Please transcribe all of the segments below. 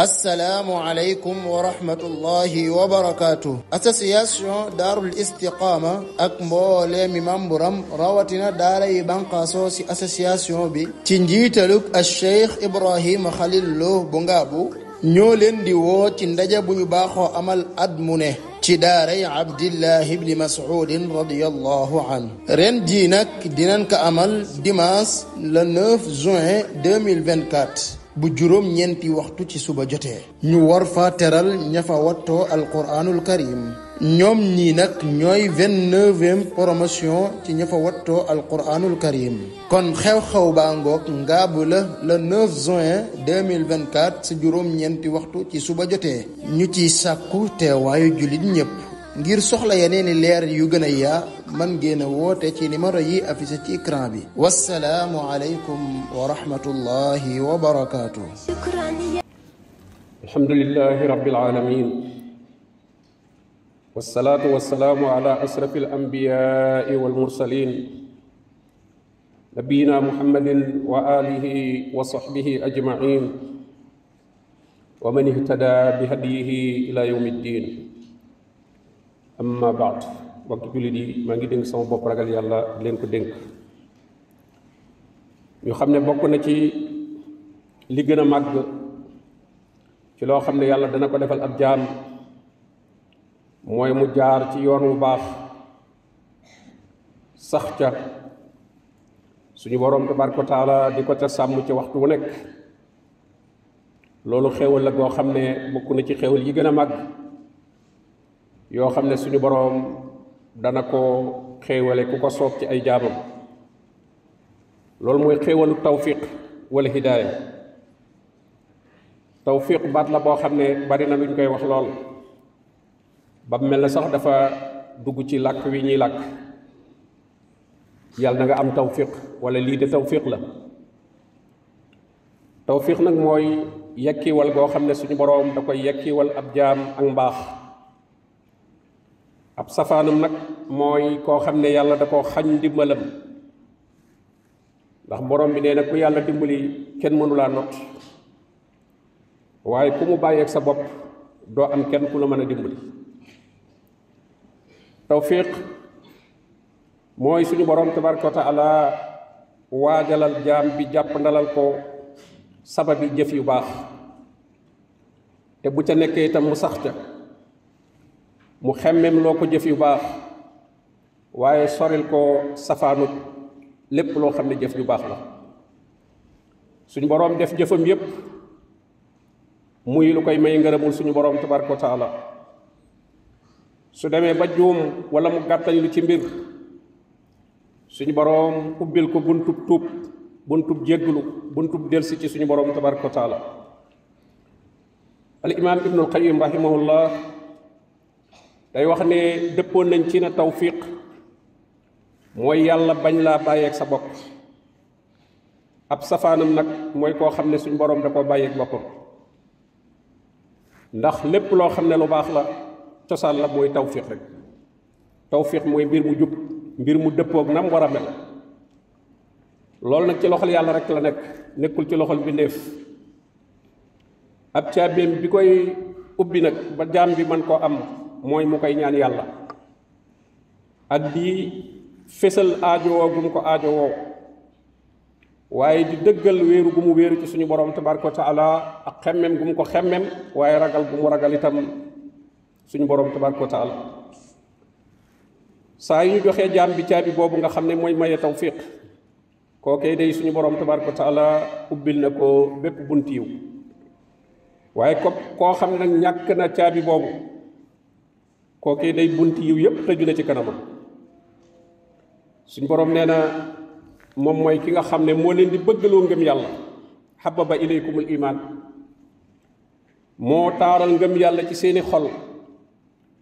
asalaamualeykum wa rahmatullahi wa barakaatu. association daarul mamburam rawatina daara yi ci association bi ci njiitaluk al cheikh ibrahima xalil lo bu leen di woo ci ndaje bu ñu baaxoo amal at mu ne ci daaray abdillahi ibni mas'udin radiyallahu anhu ren jii nag dinañ ko amal dimanche le juin bu juróom ñeenti waxtu ci suba jotee ñu war fa teral ña fa wattoo alquraanul karim ñoom ñii nag ñooy vingt-neuvième promotion ci ña fa wattoo alquraanul karim kon xew-xew baa ngoog ngaabu la le 9 juin 2024 si juróom ñeenti waxtu ci suba jotee ñu ciy sàkku teewaayu jullit ñépp ngir soxla yeneeni leer yu gën a yaa mën ngeen a woote ci numéro yi affiché ci écran bi wasalaamu aleykum wa rahmatullahi wa barakaatu alhamdulilahi rabbil alamin wasalaatu wasalaamu ala asrafi al anbiyaai wal mursalin nabiyina muhammadin wa alihi wa sahbihi ajmain wa man ihtada bi hadiyihi ila yawmi ddin amma baad mbokki jullit yi maa ngi dénk sama bopp ragal yàlla leen ko dénk ñu xam ne bokk na ci li gën a mag ci loo xam ne yàlla dana ko defal ab jaam mooy mu jaar ci yoon wu baax sax ca suñu boroom tabaaraka wa taala di ko ca sàmm ci waxtu wu nekk loolu xéewal la goo xam ne bokk na ci xéewal yi gën a màgg yoo xam ne suñu boroom dana ko xéewale ku ko soob ci ay jaamam loolu mooy xéewalu tawfiq wala hidaaya tawfiq baat la boo xam ne bari na luñ koy wax lool ba mel na sax dafa dugg ci làkk wi ñuy làkk yàlla na nga am tawfiq wala lii de tawfiq la tawfiq nag mooy yekkiwal goo xam ne suñu boroom da koy yekkiwal ab jaam ak mbaax ab safaanam nag mooy koo xam ne yàlla da koo xañ ndimbalam ndax borom bi nee nag ku yàlla dimbali kenn mënulaa not waaye ku mu bàyyeeg sa bopp doo am kenn ku la mën a dimbali tawfiq mooy suñu borom tabaraka wa taala waajalal jaam bi jàpp ndalal ko sababi jëf yu baax te bu ca nekkee itam mu sax ca mu xemmem loo ko jëf yu baax waaye soril ko safaanut lépp loo xam ne jëf yu baax la suñu boroom def jëfam yépp muy lu koy may ngërëmul suñu boroom tabaraka wa taala su demee ba juum wala mu gàttal ci mbir suñu boroom ubbil ko buntub tuub buntub jégglu buntub delsi ci suñu boroom tabaraka wa taala al imaam ibnul qayyim rahimahullah day wax ne dëppoon nañ ci na tawfiq mooy yàlla bañ laa bàyyeeg sa bopp ab safaanam nag mooy koo xam ne suñ boroom da koo bàyyeeg boppam ndax lépp loo xam ne lu baax la cosaan la mooy tawfiq rek tawfiq mooy mbir mu jub mbir mu dëppook nam war a mel loolu nag ci loxol yàlla rek la nekk nekkul ci loxol bindéef ab caabeem bi koy ubbi nag ba jaam bi mën koo am mooy mu koy ñaan yàlla ak di fésal aajowoo gu mu ko aajowoo waaye di dëggal wéeru gu mu wéeru ci suñu borom tabaraka wa taala ak xemmem gu mu ko xemmem waaye ragal gu mu ragal itam suñu borom tabaraka wa taala saa yu ñu joxee jaam bi caabi boobu nga xam ne mooy maye tawfiq kookee day suñu borom tabaraka wa taala ubbil na ko bépp bunt yiw waaye ko koo xam ne nag ñàkk na caabi boobu kookee day bunt yiw yépp tëju ci kanamam suñ boroom nee na moom mooy ki nga xam ne moo leen di bëggaloo ngëm yàlla xababa ilaykumul imaan moo taaral ngëm yàlla ci seeni xol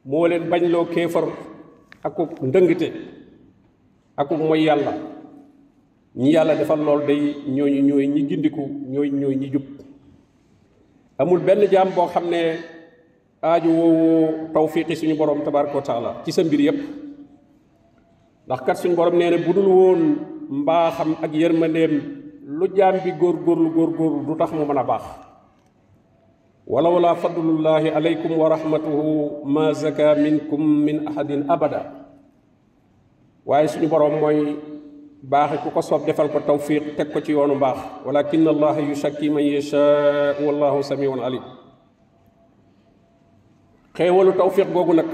moo leen bañloo kéefar akub ndëngte akub mooy yàlla ñi yàlla defal lool day ñooñu ñooy ñi gindiku ñooy ñooy ñi jub amul benn jaam boo xam ne aaju woowu tawfiqi suñu borom tabaraka wa taala ci sa mbir yépp ndax kat suñu borom nee na bu dul woon mbaaxam ak yërmandeem lu jaam bi góorgóorlu góorgóorlu du tax mu mën a baax wala wala fadlullahi aleykum wa rahmatuhu ma zaka minkum min ahadin abada waaye suñu boroom mooy baaxe ku ko soob defal ko tawfiq teg ko ci yoonu mbaax walakin allaha yushakki man yashaa wallahu samiun alim xéewalu tawfiq googu nag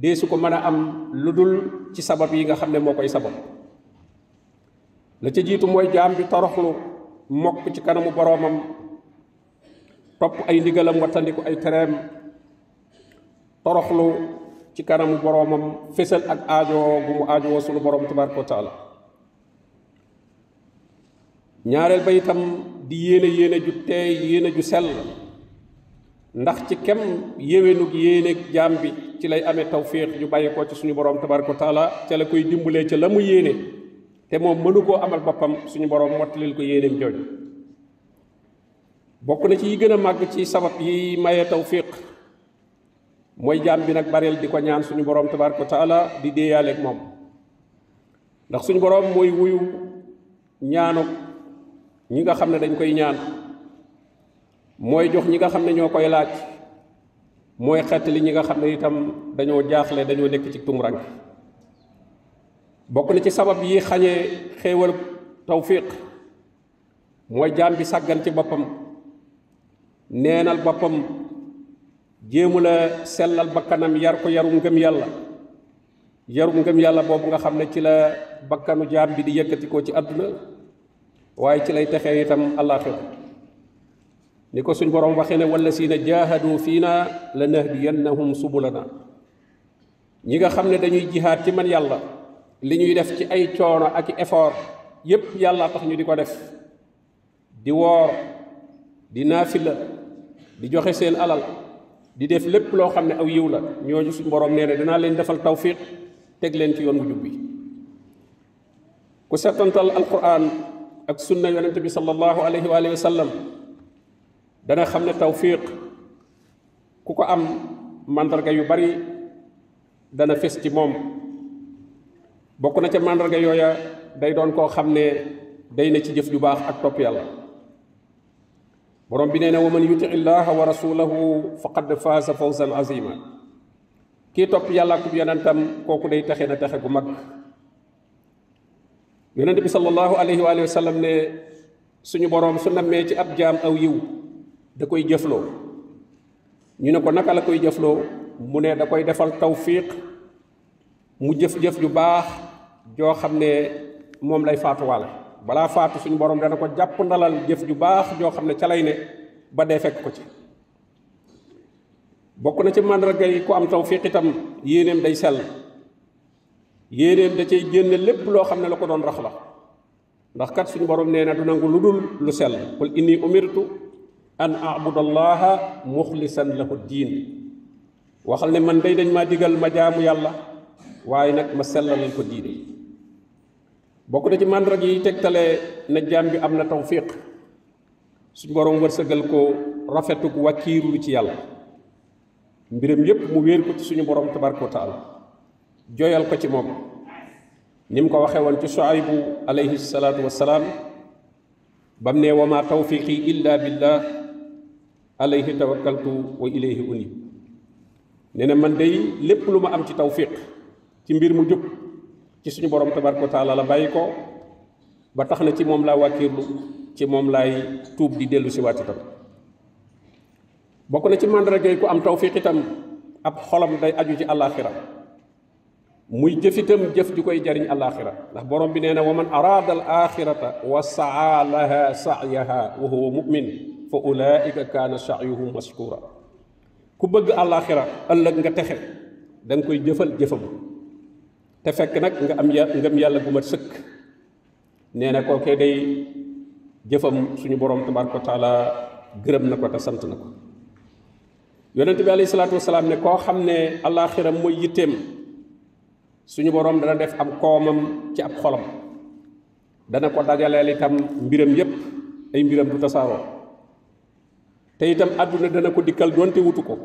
dee ko mën a am lu dul ci sabab yi nga xam ne moo koy sabab la ca jiitu mooy jaam bi toroxlu mokk ci kanamu boroomam topp ay ndigalam wattandiku ay tereem toroxlu ci kanamu boroomam fésal ak aajo bu mu aajowoo sunu borom tabaraka wa ñaareel ba itam di yéene yéene ju teey yéene ju sell ndax ci kem yéwénug yéeneeg jaam bi ci lay amee tawfiq yu bay ko ci suñu borom tabaraka wa taala ca la koy dimbalee ca la mu yéene te moom mënu koo amal boppam suñu borom mottalil ko yéeneem jooju bokk na ci yi gën a màgg ci sabab yi maye tawfiq mooy jaam bi nag bareel di ko ñaan suñu borom tubaar ko taala di déeyaaleeg moom ndax suñu borom mooy wuyu ñaanu ñi nga xam ne dañ koy ñaan mooy jox ñi nga xam ne ñoo koy laaj mooy xettali ñi nga xam ne itam dañoo jaaxle dañoo nekk ci tumrank bokk na ci sabab yi xañee xéewal tawfiq mooy jaam bi sàggan ci boppam neenal boppam jéemu la sellal bakkanam yar ko yarum ngëm yàlla yarum ngëm yàlla boobu nga xam ne ci la bakkanu jaam bi di yëkkatikoo ci àdduna waaye ci lay texe itam àllaaxira ni ko suñ borom waxee ne wala siina jaahadu fii naa la nahdiyannahum subulana ñi nga xam ne dañuy jihaad ci man yàlla li ñuy def ci ay coono ak effort yépp yàlla tax ñu di ko def di woor di naafila di joxe seen alal di def lépp loo xam ne aw yiw la ñooñu suñ borom nee ne danaa leen defal tawfiq teg leen ci yoon bu jub bi ku settantal alquran ak sunna yonente bi sallallahu alayhi wa sallam dana xam ne tawfiq ku ko am màndarga yu bari dana fes ci moom bokk na ca màndarga yooya day doon koo xam ne day na ci jëf ju baax ak topp yàlla borom bi nee na wa man yuti illaha wa rasulahu faqad faasa fawzan azima kii topp yàlla ku yonentam kooku day taxe na taxe gu mag yonent bi sallallahu alayhi wa sallam ne suñu borom su nammee ci ab jaam aw yiw da koy jëfloo ñu ne ko naka la koy jëfloo mu ne da koy defal tawfiq mu jëf-jëf ju baax joo xam ne moom lay faatuwaale balaa faatu suñu borom dana ko jàpp ndalal jëf ju baax joo xam ne ca lay ne ba dee fekk ko ci bokk na ci màndarga yi ku am tawfiq itam yéeneem day sel yéeneem da cay génne lépp loo xam ne la ko doon rax la ndax kat suñu borom nee na du nangu lu dul lu sell qul inni umirtu an abudallaha muxlisan lahu diin waxal ne man day dañ maa digal ma jaamu yàlla waaye nag ma sellalal ko diine bokk na ci màndarga yi tegtale na jaam bi am na tawfiq suñ boroom wërsëgal ko rafetuk wàkkiirulu ci yàlla mbiram yépp mu wéer ko ci suñu borom tabaraka wa taala jooyal ko ci moom ni mu ko waxee woon ci Shuaybu alayhi salaatu wassalaam bam ne wa ma tawfiqi illa billah alayhi tawakkaltu wa ilayhi unib nee na man day lépp lu ma am ci tawfiq ci mbir mu jub ci suñu borom tabaraka wa la bàyyi ko ba tax na ci moom laa wàkkiirlu ci moom laay tuub di dellu si waat bokk na ci màndarga yi ku am tawfiq itam ab xolam day aju ci àllaaxira muy jëfitam jëf di koy jariñ alaaxira ndax borom bi nee na wa man araada al wa saa laha saayaha wa mumin fa ulaika kaana saayuhum mashkura ku bëgg àllaaxira ëllëg nga texe danga koy jëfal jëfam te fekk nag nga am ya ngëm yàlla bu mat sëkk nee na kookee day jëfam suñu boroom tabaraka wa taala gërëm na ko te sant na ko yonent bi alayhi salaatu wasalaam ne koo xam ne àllaaxira mooy yitteem suñu boroom dana def am koomam ci ab xolam dana ko dajaleel itam mbiram yépp ay mbiram du tasaaroo te itam àdduna dana ko dikkal doonte wutu ko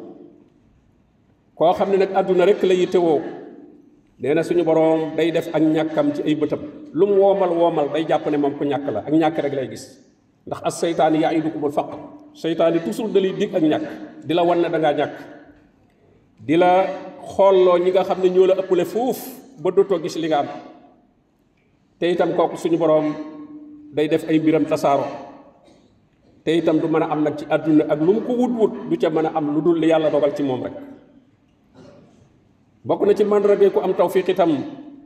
koo xam ne nag àdduna rek la yittewoo nee na suñu boroom day def ak ñàkkam ci ay bëtam lu mu woomal woomal day jàpp ne moom ko ñàkk la ak ñàkk rek lay gis ndax as seytaan yaa idukumul faq seytaan yi toujours da lay dig ak ñàkk di la wan ne dangaa ngaa ñàkk di la xoolloo ñi nga xam ne ñoo la ëppale fuuf ba dootoo gis li nga am te itam kooku suñu boroom day def ay mbiram tasaaro te itam du mën a am nag ci àdduna ak lu mu ko wut wut du ca mën a am lu dul li yàlla dogal ci moom rek bokk na ci man mandarga ku am tawfiq itam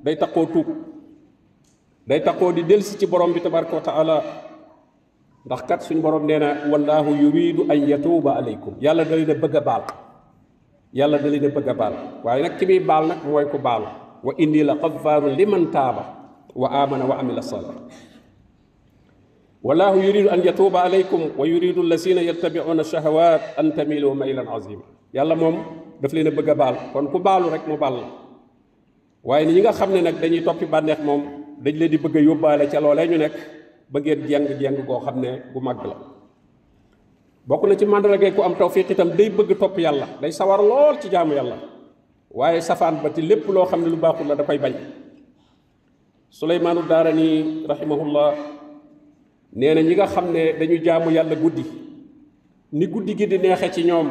day takkoo tuub day takkoo di delsi ci borom bi tabaraka wa taala ndax kat suñu borom nee na wallaahu yuridu an yatuuba aleykum yàlla da leen bëgg a baal yàlla da leen bëgg a baal waaye nag ki muy baal nag mooy ko baal wa inni la xafaarun liman taaba wa aamana wa amila salih wallahu yuridu an yatuuba aleykum wa yuridu lasina yattabiuna shahawat an tamilu maylan azima yàlla moom daf leen a bëgg a baal kon ku baalu rek mu baal la waaye ni ñi nga xam ne nag dañuy toppi bànneex moom dañ leen di bëgg a yóbbaale ca loolee ñu nekk ba ngeen jeng-jeng goo xam ne bu màgg la bokk na ci màndargay ku am tawfiq itam day bëgg topp yàlla day sawar lool ci jaamu yàlla waaye safaan ba ci lépp loo xam ne lu baaxul la dafay bañ suleymaanu nee na ñi nga xam ne dañu jaamu yàlla guddi ni guddi gi di neexe ci ñoom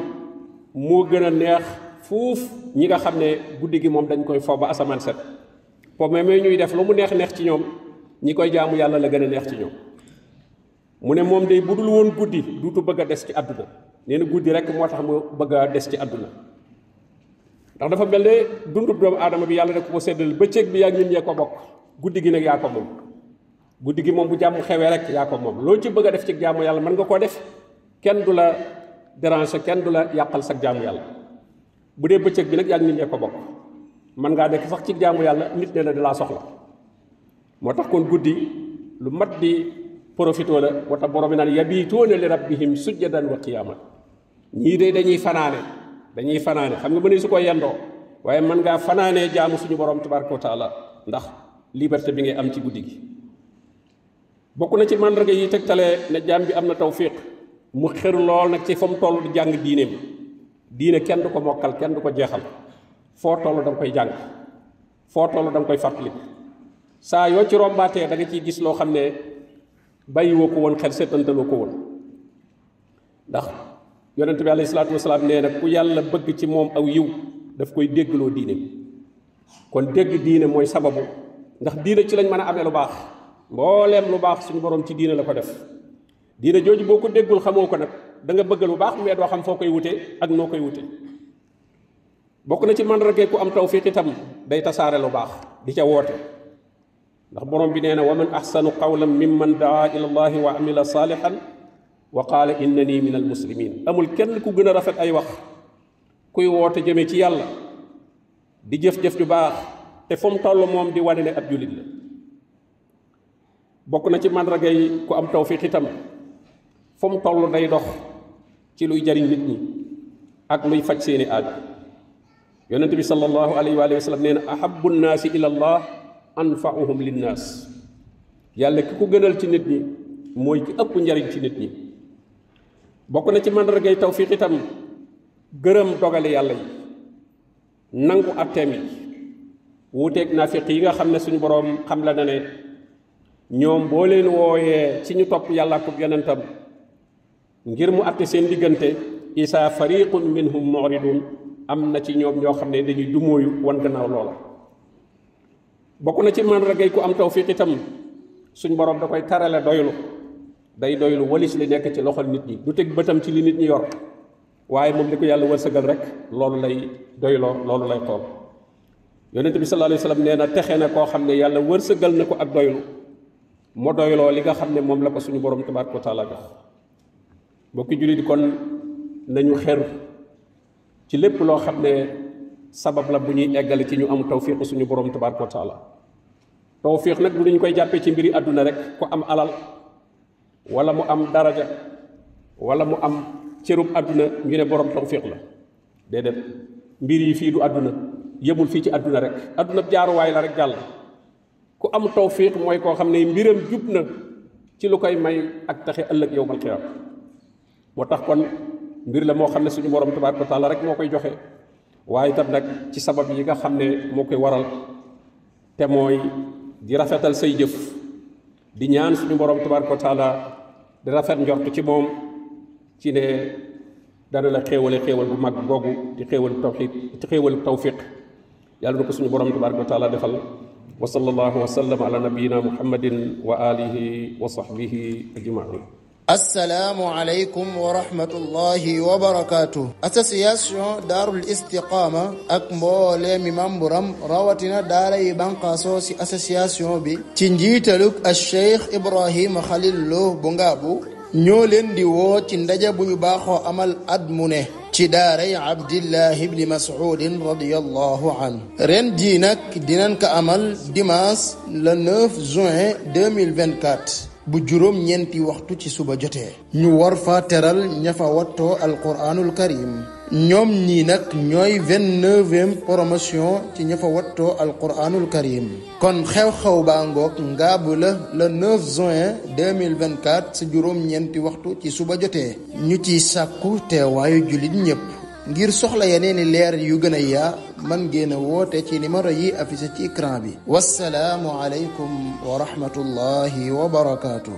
moo gën a neex fuuf ñi nga xam ne guddi gi moom dañ koy fo ba asamaan set po mais ñuy def lu mu neex neex ci ñoom ñi koy jaamu yàlla la gën a neex ci ñoom mu ne moom day budul woon guddi duutu bëgg a des ci àdduna nee na guddi rek moo tax mu bëgg a des ci àdduna ndax dafa mel ne dundu doomu aadama bi yàlla da ko séddal bëccëg bi yaa ngi ñun ñee ko bokk guddi gi nag yaa ko guddi gi moom bu jàmm xewee rek yaa ko moom loo ci bëgg a def ci jaamu yàlla mën nga koo def kenn du la déranger kenn du la yàqal sag jaamu yàlla bu dee bëccëg bi nag yaa ngi nit ko bokk mën ngaa nekk sax ci jaamu yàlla nit ne la da laa soxla moo tax kon guddi lu mat di profitoo la moo tax borom bi naan yabiituuna li rabbihim sujjadan wa qiyaama ñii de dañuy fanaane dañuy fanaane xam nga mënee su ko yendoo waaye mën ngaa fanaanee jaamu suñu borom tabaraka wa ndax liberté bi ngay am ci guddi gi bokk na ci màndarga yi tegtale na jaam bi am na tawfiq mu xër lool nag ci fa mu toll di jàng diine bi diine kenn du ko mokkal kenn du ko jeexal foo toll da koy jàng foo toll da koy fàttali saa yoo ci rombaatee da nga ciy gis loo xam ne bàyyiwoo ko woon xel seetantaloo ko woon ndax yonent bi alayhi salaatu wasalaam nee na ku yàlla bëgg ci moom aw yiw daf koy déggloo diine kon dégg diine mooy sababu ndax diine ci lañ mën a amee lu baax mbooleem lu baax suñu borom ci diine la ko def diina jooju boo ko déggul xamoo ko nag danga nga bëgg lu baax mais doo xam foo koy wutee ak noo koy wute bokk na ci man mandargay ku am tawfiq itam day tasaare lu baax di ca woote ndax borom bi nee na wa man ahsanu qawlan mimman daa ila allahi wa amila saalihan wa qaala innani min al muslimin amul kenn ku gën a rafet ay wax kuy woote jëme ci yàlla di jëf-jëf ju baax te fu mu toll moom di wane ne ab jullit bokk na ci màndarga yi ku am tawfiix itam fu mu day dox ci luy jariñ nit ñi ak luy faj seeni aaj yonent bi sallallahu alayhi wa sallam nee na ahabbu nnaasi ila allah anfa'uhum linnaas yàlla ki ko gënal ci nit ñi mooy ki ëpp njariñ ci nit ñi bokk na ci màndargay tawfiix itam gërëm dogale yàlla yi nangu atteem yi wuuteeg naafiq yi nga xam ne suñu boroom xam la na ne ñoom boo leen wooyee ci ñu topp yàlla ak yonentam ngir mu àtte seen diggante isa fariqun minhum muridun am na ci ñoom ñoo xam ne dañuy dumóoyu wan gannaaw loola bokk na ci man màndargay ku am tawfiq itam suñ boroom da koy tarale doylu day doylu walis li nekk ci loxol nit ñi du teg bëtam ci li nit ñi yor waaye moom li ko yàlla wërsëgal rek loolu lay doyloo loolu lay xool yonent bi sallallahu alayhi wa nee na texe na koo xam ne yàlla wërsëgal na ko ak doylu mu doyloo li nga xam ne moom la ko suñu borom tabaaraka wa taala jox mbokki jullit kon nañu xer ci lépp loo xam ne sabab la bu ñuy eggale ci ñu am tawfiq suñu borom tabaaraka wa taala tawfiq nag du ñu koy jàppee ci mbiri àdduna rek ku am alal walla mu am daraja wala mu am cërub àdduna ñu ne borom tawfiq la déedéet mbir yi fii du àdduna yëmul fii ci àdduna rek àdduna jaaruwaay la rek jàll ku am tawfiq mooy koo xam ne mbiram jub na ci lu koy may ak taxe ëllëg yowmal xiyaam moo tax kon mbir la moo xam ne suñu borom tabaaraka wa taala rek moo koy joxe waaye itam nag ci sabab yi nga xam ne moo koy waral te mooy di rafetal say jëf di ñaan suñu borom tabaaraka wa taala di rafet njort ci moom ci ne dana la xéewale xéewal bu mag googu di xéewal tawxiid di xéewal tawfiq yàlla na ko suñu borom tabaaraka wa taala defal wa sallallahu wa sallam ala nabiyyina muhammadin wa alihi wa sahbihi ajmain assalaamu aleykum wa rahmatullahi wa barakaatu association daarul istiqaama ak mbooleemi mamburam rawatina daara yi banqaasoo ci association bi ci njiitaluk al cheikh ibrahima xalil lo bu ngaabu ñoo leen di woo ci ndaje bu ñu baaxoo amal at mu ne ci daaray abdillah ibni mas'udin radiyallahu ren jii nag dinañ ko amal dimanche le 9 juin 2024 bu juróom ñeenti waxtu ci suba jotee ñu war fa teral ña fa wattoo alquraanul karim ñoom ñii nag ñooy vingt-neuvième promotion ci ña fa wattoo alquraanul karim kon xew-xew baa ngoog ngaabu la le 9 juin 2024 si juróom ñeenti waxtu ci suba jotee ñu ciy sàkku teewaayu jullit ñépp ngir soxla yeneeni leer yu gën a yaa man ngeen a woote ci numéro yi affiché ci écran bi wassalaamu aleykum wa rahmatullahi wa barakaatu